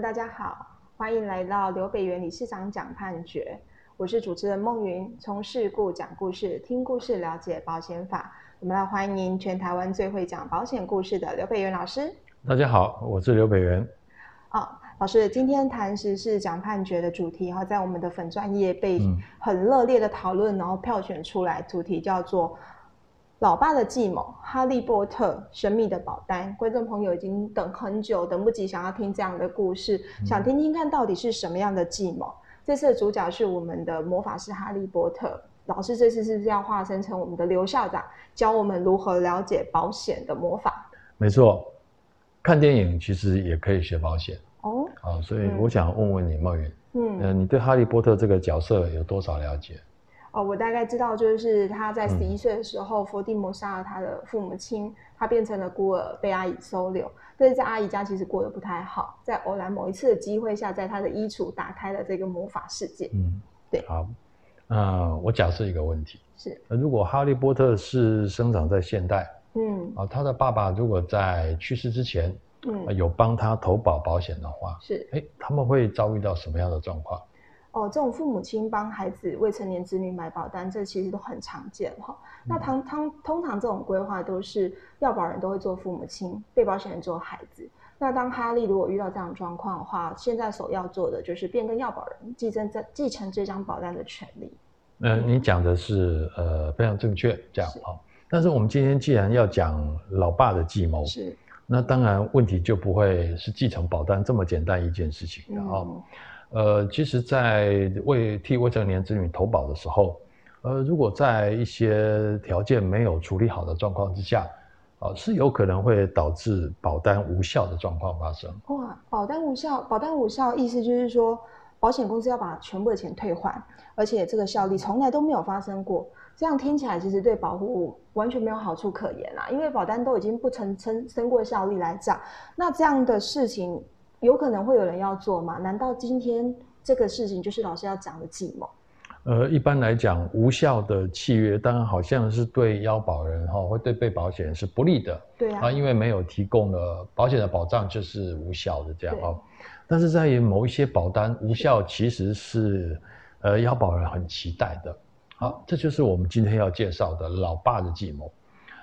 大家好，歡迎來到劉北元理事長講判決。我是主持人孟紜，從事故講故事，聽故事了解保險法。我們來歡迎全台灣最會講保險故事的劉北元老師。大家好，我是劉北元。啊、哦，老師，今天談時事講判決的主題哈，在我們的粉專頁被很熱烈的討論，嗯、然後票選出來主題叫做。老爸的計謀，《哈利波特》神秘的保單，觀眾朋友已經等很久，等不及想要聽這樣的故事，想聽聽看到底是什麼樣的計謀。嗯、這次的主角是我們的魔法師哈利波特老師，這次是不是要化身成我們的劉校長，教我們如何了解保險的魔法。沒錯，看電影其實也可以學保險哦，哦。所以我想問問你，嗯、孟紜，嗯、呃，你對《哈利波特》這個角色有多少了解？哦，我大概知道，就是他在十一歲的時候，伏地魔殺了他的父母親、嗯，他變成了孤兒，被阿姨收留。但是在阿姨家其實過得不太好。在偶然某一次的機會下，在他的衣櫥打開了這個魔法世界。嗯，對。好，那、呃、我假設一個問題。是。那如果哈利波特是生長在現代，嗯，啊，他的爸爸如果在去世之前，嗯，有幫他投保保險的話，是。哎、欸，他們會遭遇到什麼樣的狀況？哦，這種父母親幫孩子未成年子女買保單，這其實都很常見哈、嗯。那他他通常這種規劃都是要保人都會做父母親，被保險人做孩子。那當哈利如果遇到這樣的狀況的話，現在所要做的就是變更要保人繼，繼承這繼承這張保單的權利。呃、嗯，你講的是呃非常正確，這樣，是，但是我們今天既然要講老爸的計謀，是，那當然問題就不會是繼承保單這麼簡單一件事情的啊。嗯哦呃，其實，在為替未成年子女投保的時候，呃，如果在一些條件沒有處理好的狀況之下，啊、呃，是有可能會導致保單無效的狀況發生。哇，保單無效，保單無效，意思就是說，保險公司要把全部的錢退還，而且這個效力從來都沒有發生過。這樣聽起來，其實對保護完全沒有好處可言啦，因為保單都已經不曾生生過效力來講，那這樣的事情。有可能會有人要做嗎？難道今天這個事情就是老師要講的計謀？呃，一般來講，無效的契約，當然好像是對要保人哈、哦，會對被保險人是不利的。對啊，啊，因為沒有提供了保險的保障，就是無效的這樣哦。但是在於某一些保單無效，其實是呃要保人很期待的。好，這就是我們今天要介紹的老爸的計謀。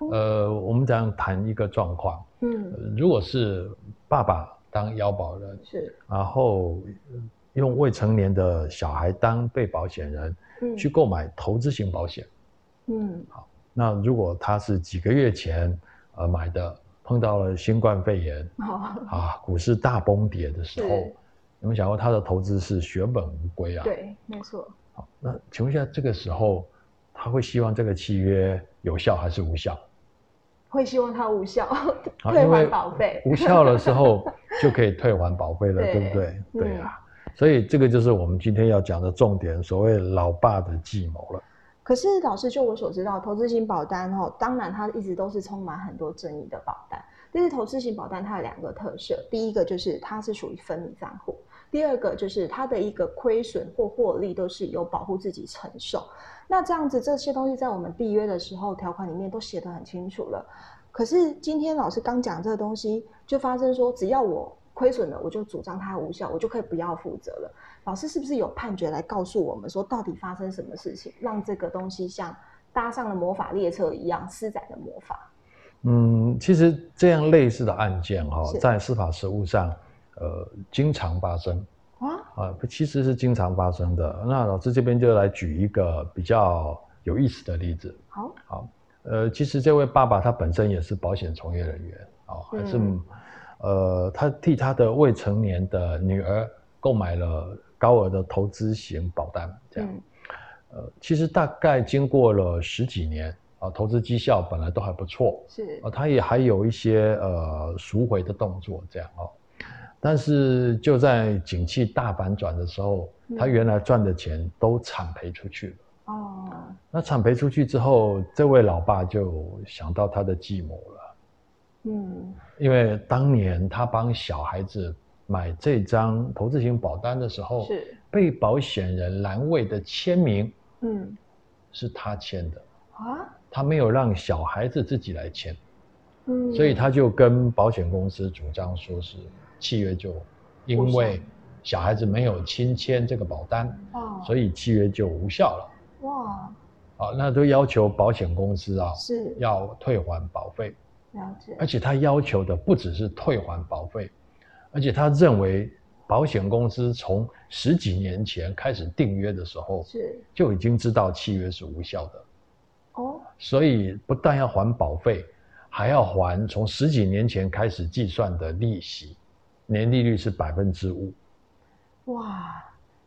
嗯、呃，我們這樣談一個狀況。嗯，呃、如果是爸爸。當要保人，是，然後用未成年的小孩當被保險人，去購買投資型保險，嗯，好，那如果他是幾個月前呃買的，碰到了新冠肺炎、哦，啊，股市大崩跌的時候，你們想說他的投資是血本無歸啊？對，沒錯。好，那請問一下，這個時候他會希望這個契約有效還是無效？會希望它無效，退還保費。啊、無效的時候就可以退還保費了，對 不對？對啊，所以這個就是我們今天要講的重點，所謂“老爸的計謀”了。可是，老師，就我所知道，投資型保單哦，當然它一直都是充滿很多爭議的保單。但是，投資型保單它有兩個特色，第一個就是它是屬於分離賬戶。第二個就是它的一個虧損或獲利都是由保戶自己承受，那這樣子這些東西在我們締約的時候，條款裡面都寫得很清楚了。可是今天老師剛講這個東西，就發生說只要我虧損了，我就主張它無效，我就可以不要負責了。老師是不是有判決來告訴我們說，到底發生什麼事情，讓這個東西像搭上了魔法列車一樣施展了魔法？嗯，其實這樣類似的案件哈、哦，在司法實務上。呃，經常發生啊，其實是經常發生的。那老師這邊就來舉一個比較有意思的例子。好、哦，好、啊，呃，其實這位爸爸他本身也是保險從業人員啊、哦，還是呃，他替他的未成年的女兒購買了高額的投資型保單，這樣。嗯、呃，其實大概經過了十幾年啊，投資績效本來都還不錯，是啊，他也還有一些呃贖回的動作，這樣哦。但是就在景氣大反轉的時候，嗯、他原來賺的錢都慘賠出去了。哦，那慘賠出去之後，這位老爸就想到他的計謀了。嗯，因為當年他幫小孩子買這張投資型保單的時候，是被保險人欄位的簽名的，嗯，是他簽的啊，他沒有讓小孩子自己來簽，嗯，所以他就跟保險公司主張說是。契約就因為小孩子沒有親簽這個保單，Oh. 所以契約就無效了。哇！好，那都要求保險公司啊，是要退還保費。了解。而且他要求的不只是退還保費，而且他認為保險公司從十幾年前開始訂約的時候是，就已經知道契約是無效的。哦。Oh. 所以不但要還保費，還要還從十幾年前開始計算的利息。年利率是百分之五，哇，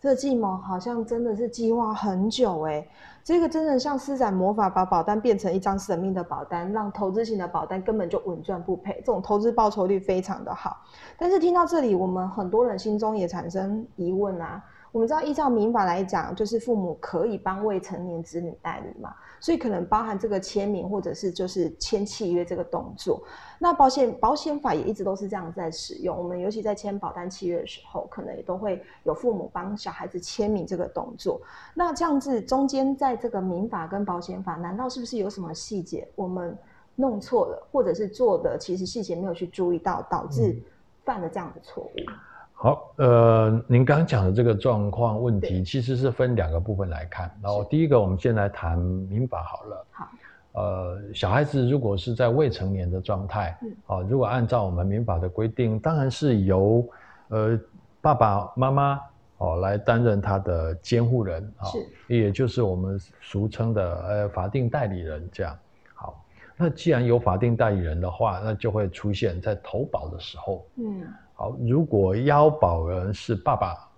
這個計謀好像真的是計劃很久哎、欸，這個真的像施展魔法，把保單變成一張神秘的保單，讓投資型的保單根本就穩賺不賠，這種投資報酬率非常的好。但是聽到這裡，我們很多人心中也產生疑問啊。我們知道，依照民法來講，就是父母可以幫未成年子女代理嘛，所以可能包含這個簽名，或者是就是簽契約這個動作。那保險保險法也一直都是這樣在使用。我們尤其在簽保單契約的時候，可能也都會有父母幫小孩子簽名這個動作。那這樣子中間在這個民法跟保險法，難道是不是有什麼細節我們弄錯了，或者是做的其實細節沒有去注意到，導致犯了這樣的錯誤？嗯好，呃，您剛剛講的這個狀況問題，其實是分兩個部分來看。然後第一個，我們先來談民法好了。好，呃，小孩子如果是在未成年的狀態，嗯、如果按照我們民法的規定，當然是由呃爸爸、媽媽哦來擔任他的監護人啊、哦，也就是我們俗稱的呃法定代理人這樣。好，那既然有法定代理人的話，那就會出現在投保的時候，嗯。好，如果要保人是爸爸，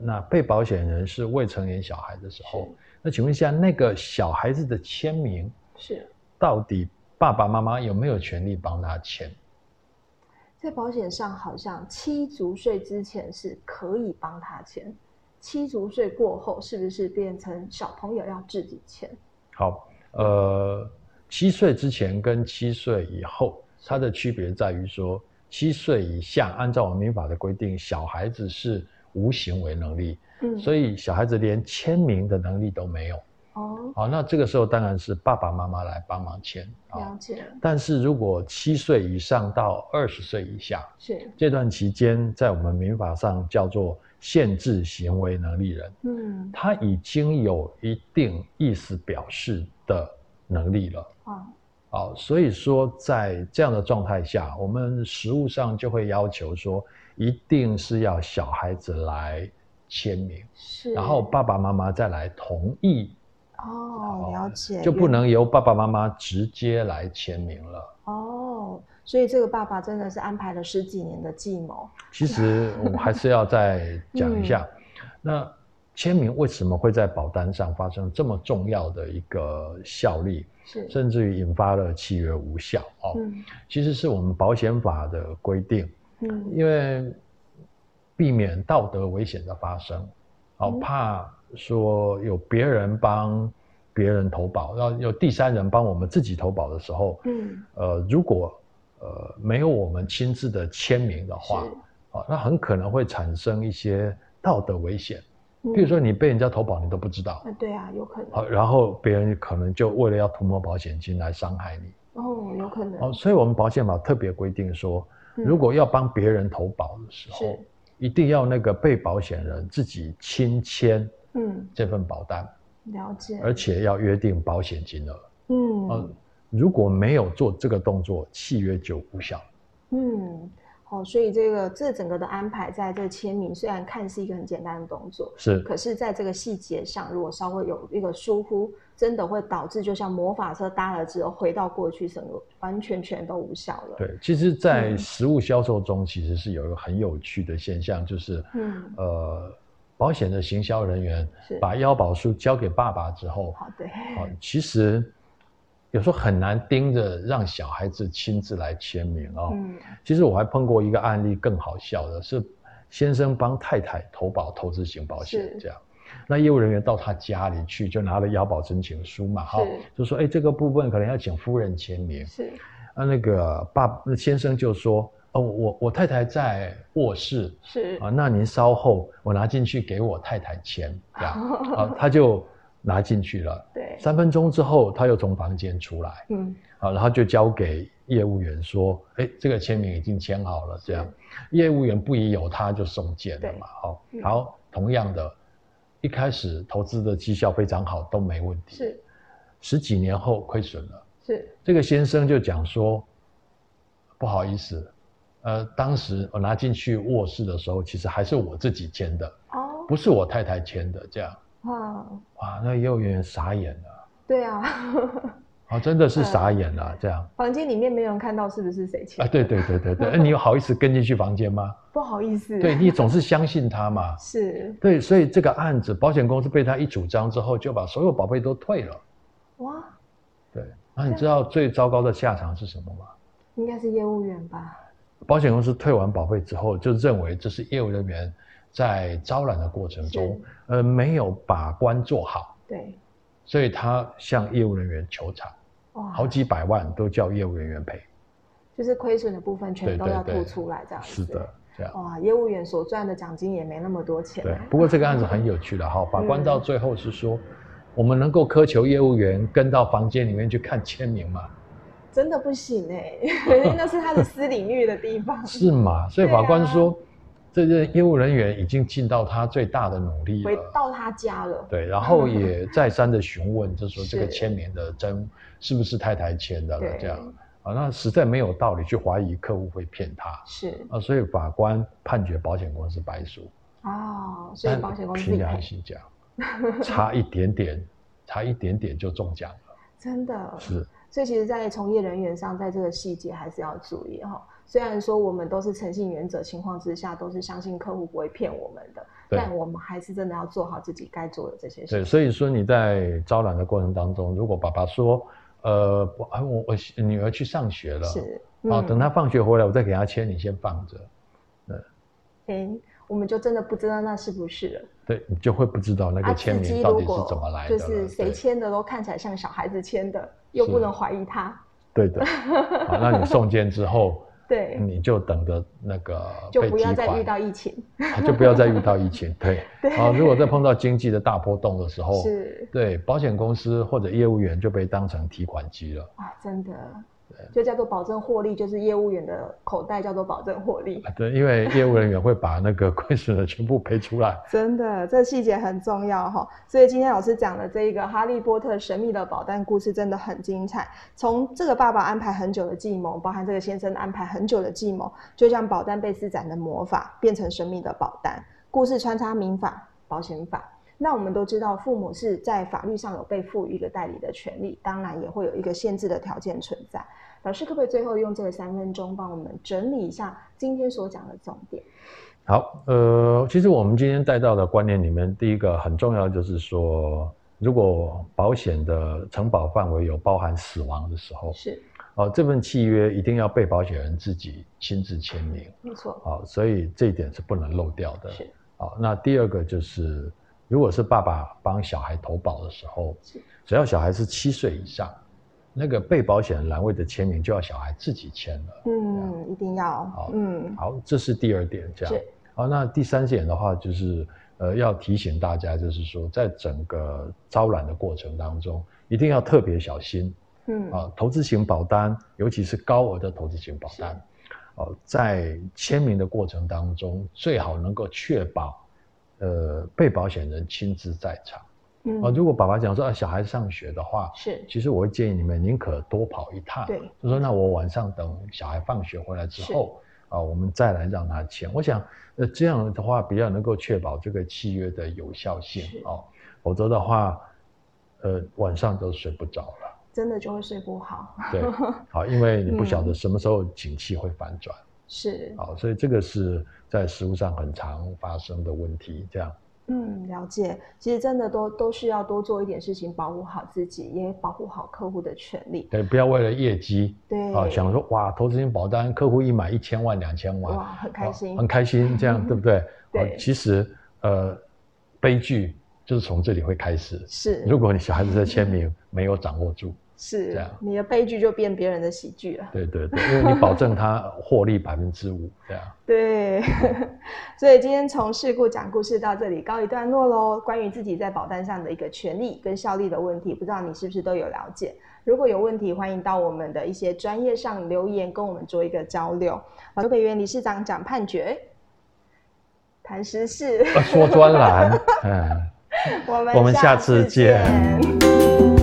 那被保險人是未成年小孩的時候，那請問一下，那個小孩子的簽名是到底爸爸媽媽有沒有權利幫他簽？在保險上，好像七足歲之前是可以幫他簽，七足歲過後是不是變成小朋友要自己簽？好，呃，七歲之前跟七歲以後，它的區別在於說。七歲以下，按照我們民法的規定，小孩子是無行為能力，嗯，所以小孩子連簽名的能力都沒有。哦，好、哦，那這個時候當然是爸爸媽媽來幫忙簽、哦。了解。但是如果七歲以上到二十歲以下，是這段期間，在我們民法上叫做限制行為能力人，嗯，他已經有一定意思表示的能力了。哦好，所以說在這樣的狀態下，我們實務上就會要求說，一定是要小孩子來簽名，是，然後爸爸媽媽再來同意，哦，了解，就不能由爸爸媽媽直接來簽名了、嗯。哦，所以這個爸爸真的是安排了十幾年的計謀。其實我們還是要再講一下，嗯、那。簽名為什麼會在保單上發生這麼重要的一個效力？甚至於引發了契約無效、嗯、哦，其實是我們保險法的規定、嗯。因為避免道德危險的發生，哦、怕說有別人幫別人投保，要有第三人幫我們自己投保的時候，嗯、呃，如果呃沒有我們親自的簽名的話，啊、哦，那很可能會產生一些道德危險。比如說你被人家投保，你都不知道。啊、嗯，對啊，有可能。然後別人可能就為了要圖謀保險金來傷害你。哦，有可能。哦，所以我們保險法特別規定說，嗯、如果要幫別人投保的時候，一定要那個被保險人自己親簽，嗯，這份保單、嗯。了解。而且要約定保險金額，嗯，如果沒有做這個動作，契約就無效。嗯。哦，所以這個這整個的安排，在這簽名雖然看似一個很簡單的動作，是，可是在這個細節上，如果稍微有一個疏忽，真的會導致就像魔法車搭了之後回到過去，整個完全全都無效了。對，其實，在實務銷售中，其實是有一個很有趣的現象，就是，嗯、呃，保險的行銷人員把要保書交給爸爸之後，好對，其實。有時候很難盯着讓小孩子親自來簽名哦、嗯。其實我還碰過一個案例更好笑的是，先生幫太太投保投資型保險這樣，那業務人員到他家裡去就拿了要保申請書嘛哈，就說誒、欸、這個部分可能要請夫人簽名。是，那那個爸那先生就說哦，我我太太在臥室。是啊，那您稍後我拿進去給我太太簽這樣， 啊、他就。拿進去了，三分鐘之後他又從房間出來。好、嗯，然後就交給業務員說：“哎，這個簽名已經簽好了。”這樣，業務員不疑有他就送件了嘛，哦嗯、好，然後同樣的，一開始投資的績效非常好，都沒問題。是，十幾年後虧損了，是這個先生就講說：“不好意思，呃，當時我拿進去臥室的時候，其實還是我自己簽的，哦、不是我太太簽的。”這樣。哇、wow. 哇，那業務員傻眼了、啊。對啊，啊、 哦，真的是傻眼了、啊呃。這樣，房間裡面沒有人看到是不是誰簽的？ 啊，對對對對對。那、呃、你有好意思跟進去房間嗎？ 不好意思、啊。對，你總是相信他嘛？ 是。對，所以這個案子，保險公司被他一主張之後，就把所有保費都退了。哇。對。那、啊、你知道最糟糕的下場是什麼嗎？應該是業務員吧。保險公司退完保費之後，就認為這是業務人員在招攬的過程中，呃，沒有把關做好，對，所以他向業務人員求償，哇，好幾百萬都叫業務人員賠，就是虧損的部分全都要吐出來，這樣對對對，是的，這樣哇，業務員所賺的獎金也沒那麼多錢、啊。對，不過這個案子很有趣的哈、嗯哦，法官到最後是說，嗯、我們能夠苛求業務員跟到房間裡面去看簽名嗎？真的不行哎、欸， 那是他的私領域的地方。是嗎？所以法官說。這個業務人員已經盡到他最大的努力，回到他家了。對，然後也再三的詢問，就是說這個簽名的真是，是不是太太簽的了？這樣啊，那實在沒有道理去懷疑客戶會騙他。是啊，所以法官判決保險公司敗訴。啊、哦，所以保險公司憑良心講，差一點點， 差一點點就中獎了。真的，是。所以其實，在從業人員上，在這個細節還是要注意哈、哦。雖然說我們都是誠信原則情況之下，都是相信客戶不會騙我們的，但我們還是真的要做好自己該做的這些事。對，所以說你在招攬的過程當中，如果爸爸說，呃，哎、我我女兒去上學了，是、嗯、啊，等她放學回來，我再給她簽，你先放着。嗯、欸，我們就真的不知道那是不是了。對，你就會不知道那個簽名到底是怎麼來的，啊、就是誰簽的都看起來像小孩子簽的，又不能懷疑她。對的、啊，那你送件之後。 對，你就等着那個，就不要再遇到疫情，就不要再遇到疫情。對，好、啊，如果再碰到經濟的大波動的時候，對，保險公司或者業務員就被當成提款機了哇、啊，真的。就叫做保證獲利，就是業務員的口袋叫做保證獲利。啊，對，因為業務人員會把那個虧損的全部賠出來。 真的，這細節很重要哈、哦。所以今天老師講的這一個《哈利波特神秘的保單》故事真的很精彩。從這個爸爸安排很久的計謀，包含這個先生安排很久的計謀，就像保單被施展的魔法變成神秘的保單。故事穿插民法、保險法。那我們都知道，父母是在法律上有被賦予一個代理的權利，當然也會有一個限制的條件存在。老師可不可以最後用這個三分鐘幫我們整理一下今天所講的重點？好，呃，其實我們今天帶到的觀念裡面，第一個很重要就是說，如果保險的承保範圍有包含死亡的時候，是哦，這份契約一定要被保險人自己親自簽名，沒錯，哦，所以這一點是不能漏掉的。是好，哦，那第二個就是。如果是爸爸幫小孩投保的時候，只要小孩是七歲以上，那個被保險欄位的簽名就要小孩自己簽了。嗯，一定要。好，嗯，好，這是第二點。這樣。好，那第三點的話，就是呃，要提醒大家，就是說，在整個招攬的過程當中，一定要特別小心。嗯。啊，投資型保單，尤其是高額的投資型保單，哦，啊，在簽名的過程當中，最好能夠確保。呃，被保險人親自在場，嗯、啊，如果爸爸講說啊，小孩上學的話，是，其實我會建議你們寧可多跑一趟，對，就說那我晚上等小孩放學回來之後，啊，我們再來讓他簽。我想，呃，這樣的話比較能夠確保這個契約的有效性哦，否則的話，呃，晚上都睡不着了，真的就會睡不好， 對，好，因為你不曉得什麼時候景氣會反轉。嗯是，好，所以這個是在實務上很常發生的問題，這樣。嗯，了解。其實真的都都需要多做一點事情，保護好自己，也保護好客戶的權利。對，不要為了業績，對，啊，想說哇，投資型保單，客戶一買一千萬、兩千萬，哇，很開心，啊、很開心，這樣 對不對？對。其實，呃，悲劇就是從這裡會開始。是。如果你小孩子在簽名 沒有掌握住。是這樣，你的悲劇就變別人的喜劇了。對對對，因為你保證他獲利百分之五，這樣。 對， 所以今天從事故講故事到這裡告一段落嘍。關於自己在保單上的一個權利跟效力的問題，不知道你是不是都有了解？如果有問題，歡迎到我們的一些專業上留言，跟我們做一個交流。劉北元理事長講判決，談時事，說專欄。我 們、嗯、 我們下次見。